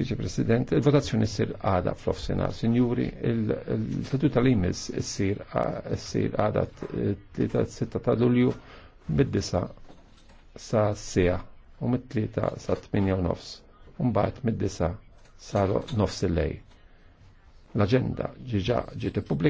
Vice President, il-votazzjoni s-sir għada fl senar Signuri, il-statut tal-imis s-sir għada 6 ta' lulju mid-disa sa' s-sija u mid tlita sa' 8 u nofs. u mbaħt mid-disa sa' nofs il-lej. L-agenda ġiġa ġiet